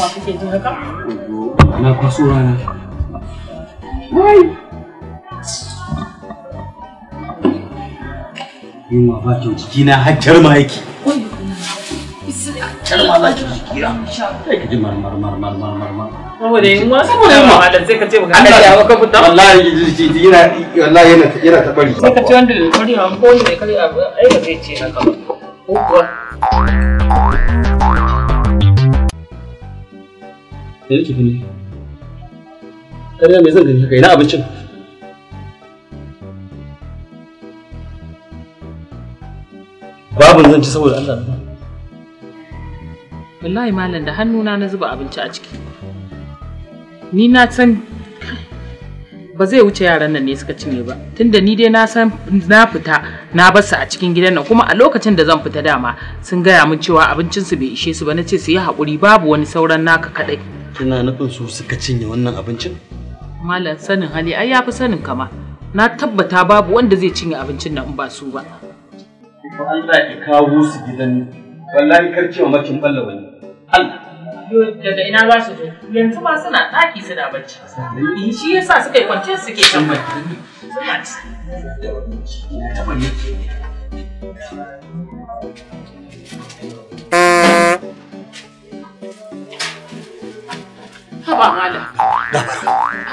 yunwa kake jin haka? Na kwaso rana. Wai! ba kyau ma yake. Hajjar ma ba kyau ka ji marmar marmar marmar Saboda sai ka ce ya Wallahi yana ta bari. Sai ka ce wanda ko ne me yake gani ƙarya me zan gani haka ina abincin babu zan ci saboda Allah na wallahi malam da hannuna na zuba abinci a ciki ni na san ba zai wuce yaran nan ne suka cinye ba tunda ni dai na san na fita na basu a cikin gidan nan kuma a lokacin da zan fita dama sun gaya min cewa abincinsu bai ishe su ba na ce su yi haƙuri babu wani sauran naka kaɗai kina nufin su suka cinye wannan abincin malam sanin hali ai yafi sanin kama na tabbata babu wanda zai cinye abincin nan in ba su ba ko Allah ki kawo su gidan wallahi kar ce makin balla wani Allah daga ina za su je yanzu ma suna ɗaki suna bacci shi yasa suka yi kwanciyar suke can bacci suna ci haba malam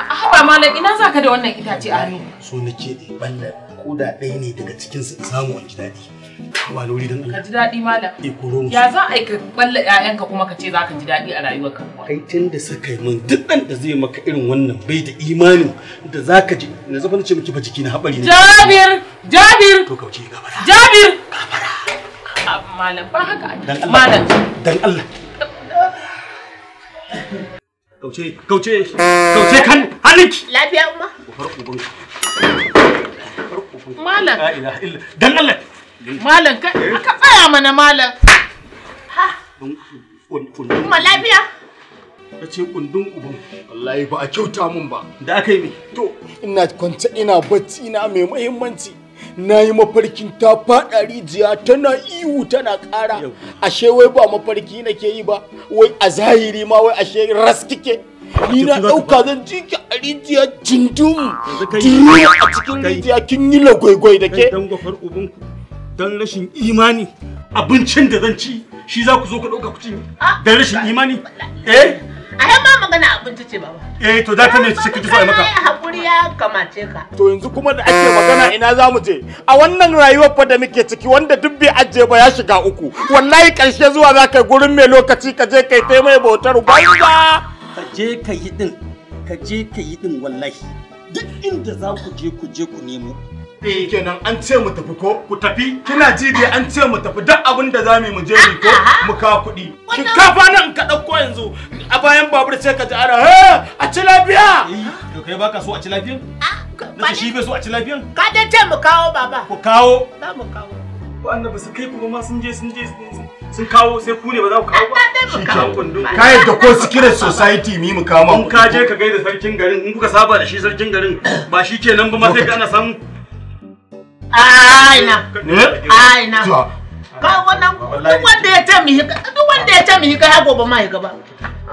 haba malam ina zaka da wannan itace a hannu so nake da balla koda ɗaya ne daga cikin su samu a daɗi ba da wuri don Allah ka ji daɗi malam eh, ya za a yi ka balla ƴaƴanka kuma ka ce zaka ji daɗi a rayuwarka kai tun da suka yi min duk ɗan da zai maka irin wannan bai da imanin da za ka ji na zafa ce miki ba jiki na haɓari ne Jabir Jabir to kauce gabara Jabir gabara malam ba haka malam dan Allah kauce kauce kauce kan halik lafiya umma kufar uban malam la ilaha illa dan Allah malam ka aka tsaya mana malam ha kuma lafiya kace ce kundin uban wallahi ba a kyauta mun ba da aka yi me to ina kwance ina bacci ina mai muhimmanci na yi mafarkin ta faɗa rijiya tana iwu tana ƙara ashe wai ba mafarki na ke yi ba wai a zahiri ma wai ashe ras kike ni na ɗauka zan ji ki a rijiya jindum duniya a cikin rijiya kin yi lagwaigwai da ke dan gwafar dan rashin imani abincin da zan ci shi za ku zo ku ɗauka ku ci ah. dan rashin imani eh A yan ma magana abinci ce baba. Eh to da ta ne cikin kiso ai maka. Ai hakuri ya kamace ka. To yanzu kuma da ake magana ina za mu je? A wannan rayuwar fa da muke ciki wanda duk bai ajiye ba ya shiga uku. Wallahi karshe zuwa za ka gurin mai lokaci ka je kai tai mai bautar banza. Ka je ka yi din. Ka je ka yi din wallahi. Duk inda za ku je ku je ku nemo. Eh, kenan an ce mu tafi ko? Ku tafi. Kina ji dai an ce mu tafi duk abin da zamu mu je mu ko mu ka kuɗi. Ki kafa nan ka ɗauko yanzu a bayan babur sai ka ji ha eh, a ci lafiya. Eh, to kai baka so a ci lafiyan? Ah, Na shi bai so a ci lafiyan? Ka dai ce mu kawo baba. Ku kawo. Za mu kawo. Ko annabi su kai kuma sun je sun je sun kawo sai ku ne ba za ku kawo ba. Ka yadda ko secret society mi mu ma. In ka je ka gaida sarkin garin in kuka saba da shi sarkin garin ba shi nan ba ma sai ka ana samu aina eh? aina ka wannan duk wanda ya ce mu yi duk wanda ya ce mu yi kai gobe ma yi gaba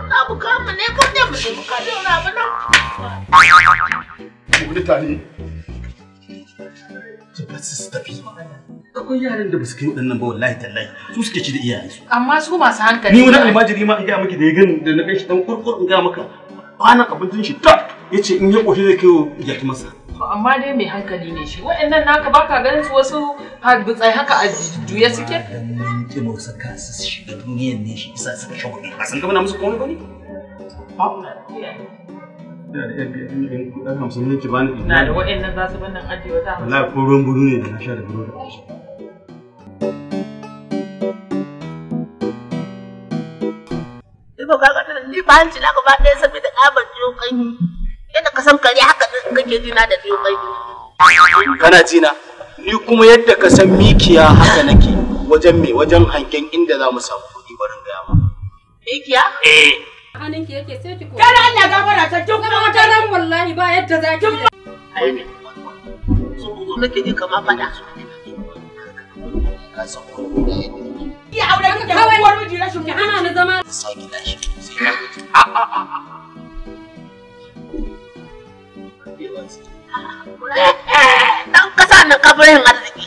na bu mu ne ko ne mu mu ka dole abu nan wani tani ba su tafi akwai yaran da ba su kai waɗannan ba wallahi tallahi su suke ci da iyayensu amma su masu hankali ni wani almajiri ma in ga miki da ya gani da na kai shi dan kurkur in ga maka kwanan abincin shi ta yace in ya koshi zai kai wa iyakin amma dai mai hankali ne shi waɗannan naka baka ganin su wasu hadbutsai haka a juya suke ke ba su ka su shiga duniyar ne shi isa suka shawo ne ba san gaba na musu komai ba ne da ne ki bani na da waɗannan za su bannan ajiye wata wallahi ko ruwan buru ne da na sha da buru da shi Ibo kaga ni ba hanci na gaba ɗaya saboda ƙabar jokan yadda ka san kare haka jina da biyu kai kana jina ni kuma yadda ka san mikiya haka nake wajen me wajen hangen inda za mu samu kuɗi barin gaya ma mikiya eh hannunki yake sai ki ko kana Allah gafara ta kin kuma wata ran wallahi ba yadda za ki ai me su nake ji kamar fada ka san ko da yadda ya aure ka kawai wani jira shi ki hana ni zama sai ki tashi sai ka a a a kansu dan kasa nan kafirin arziki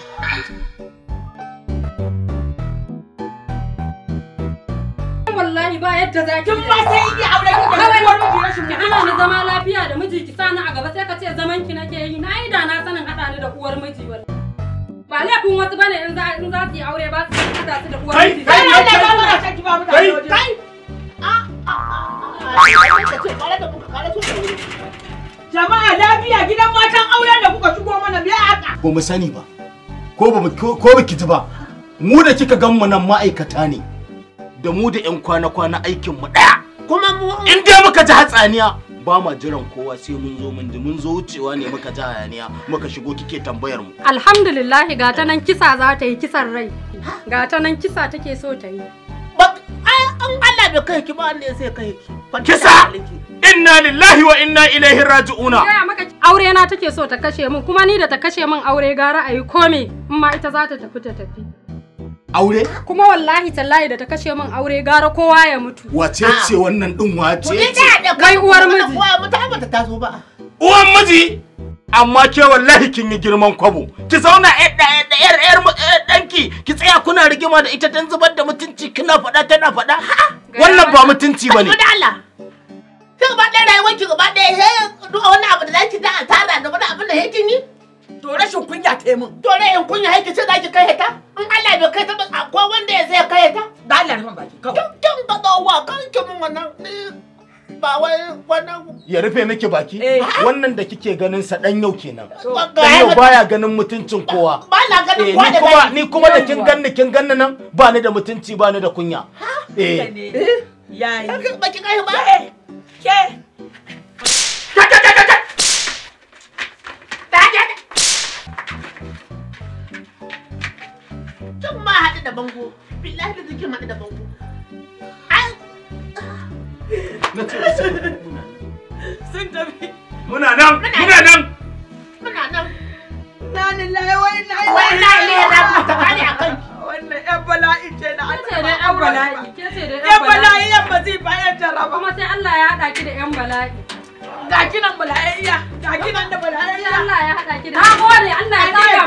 wallahi ba yadda za ki sai yi aure ki ki zama lafiya da miji a gaba sai ka ce zaman ki nake yi na da na sanin hada ni da uwar miji ba laifin wasu bane in za in za su yi aure ba su hada su da uwar miji kai kai kai kai kai kai kai kai kai Jama'a lafiya gidan matan aure da kuka shigo mana me haka? Ba mu sani ba. Ko ba ko ba ji ba. Mu da kika gan mu nan ma'aikata ne. Da mu da 'yan kwana-kwana aikin mu daya. Kuma mu in dai muka ji hatsaniya ba ma jiran kowa sai mun zo mun ji mun zo wucewa ne muka ji hayaniya muka shigo kike tambayar mu alhamdulillah ga ta nan kisa za ta yi kisan rai ga ta nan kisa take so ta yi an Allah bai kai ki ba Allah sai kai ki kisa inna lillahi wa inna ilaihi raji'una aure na take so ta kashe min kuma ni da ta kashe min aure gara ayi kome in ma ita za ta tafi ta tafi aure kuma wallahi tallahi da ta kashe min aure gara kowa ya mutu wace ah. ce wannan din wace ce kai uwar miji ba uwar miji amma ke wallahi kin yi girman kwabo ki zauna yar yar danki ki tsaya kuna rigima da ita dan zubar da mutunci kina faɗa tana faɗa wannan ba mutunci bane da Allah kin ba da rayuwar ki gaba da he duk wani abu da zaki da tara da wani abu da yake ni to rashin kunya ta mun to in kunya yake ce zaki kai ta in Allah bai kai ta ba akwai wanda ya sai kai ta da Allah rahman baki kawai kin ba dawa kan ki mun wannan eh. ba wai wannan ya rufe miki baki eh. wannan da kike ganin sa dan yau kenan dan yau baya ganin mutuncin kowa ba na ganin eh, kuma ni kuma da kin ganni kin ganni nan ba ni da mutunci ba ni da kunya eh, eh? yayi ba kai ba ke haɗu da bango, billahi da da bango. Sun tafi. Muna nan, muna nan. Muna nan. Na lillahi wa inna ilaihi raji'un. Wannan yan bala'i ce da an taɓa ƴan bala'i. Ƴan bala'i ƴan masifa ƴan jaraba. Kuma sai Allah ya haɗa ki da ƴan bala'i. Ga kinan bala'ayya, ga kinan da Allah ya haɗa ki da. Na gode, Allah ya saka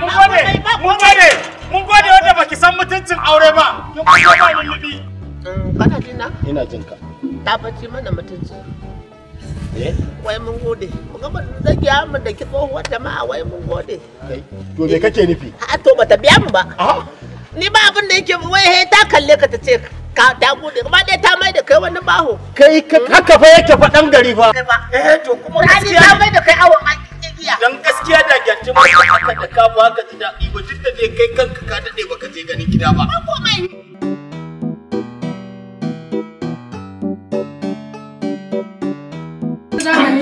muku. Mun gode, mun gode, mun gode wanda baki san mutuncin aure ba. Kin kuma ba ni Kana jin na? Ina jin ka. ɗafaci mana mutunci eh? wai mun gode gama zagiya mu da kitso wadda ma wai mun gode to me kake nufi a to bata biya mu ba ni ba abin da yake wai he ta kalle ka ta ce ka ta gode ba dai ta mai da kai wani baho kai hmm? haka fa yake faɗan gari fa eh to kuma gaskiya ta mai da kai awon iya dan gaskiya da gyantin ba ka da ka ba ka ji ibo duk da kai kanka ka daɗe baka ka je ganin gida ba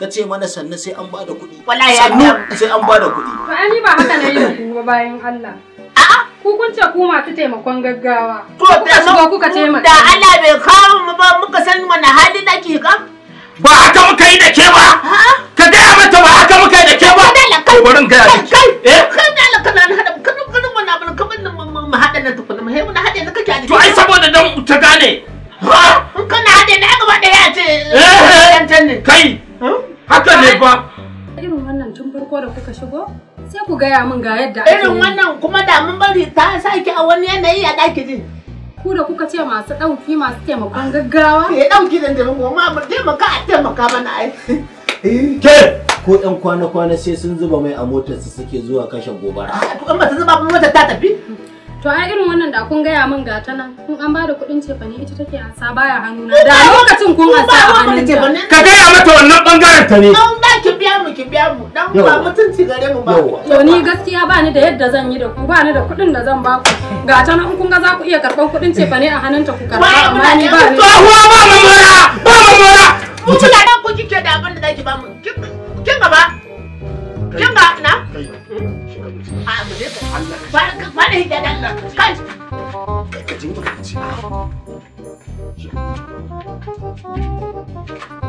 ka ce mana sannu sai an bada kuɗi sannu sai an bada kuɗi to ai ba haka na yi ku ba bayan Allah a'a ku kun ce ku masu taimakon gaggawa to da so kuka taimaka da Allah bai kawo mu ba muka san mana hali nake ka ba haka muka yi da ke ba ka gaya mata ba haka muka yi da ke ba kai in kai eh? da kana na to ai dan ha kana gaba ce eh, eh. ne ba. Irin wannan tun farko da kuka shigo? Sai ku gaya min ga yadda ake Irin wannan kuma da mun bari ta saki a wani yanayi a ɗaki din. Ku da kuka ce masu ɗauki masu taimakon gaggawa? Ke eh, ɗauki da taimako ma mu taimaka a taimaka mana ai. Ke! Ko ɗan kwana-kwana sai sun zuba mai a motar su suke zuwa kashe gobara. An ba ta zuba motar ta tafi? To ai irin wannan da kun gaya min ga ta nan kun an bada kuɗin cefa ne ita take hasa baya hannuna da lokacin kun hasa a hannunta. Ka gaya mata wannan bangaren ta ne. An ba ki biya mu ki biya mu dan ba mutunci gare mu ba. To ni gaskiya ba ni da yadda zan yi da ku ba ni da kuɗin da zan ba ku. Ga ta nan kun ga za ku iya karɓan kuɗin cefa ne a hannunta ku karɓa amma ni ba ni. To ba ba mamora ba mamora. Mu kula dan ku kike da abin da zaki ba mu. Kin ba. Kin ga na? Ah, ka. Ba ka ba da hidda Ka ka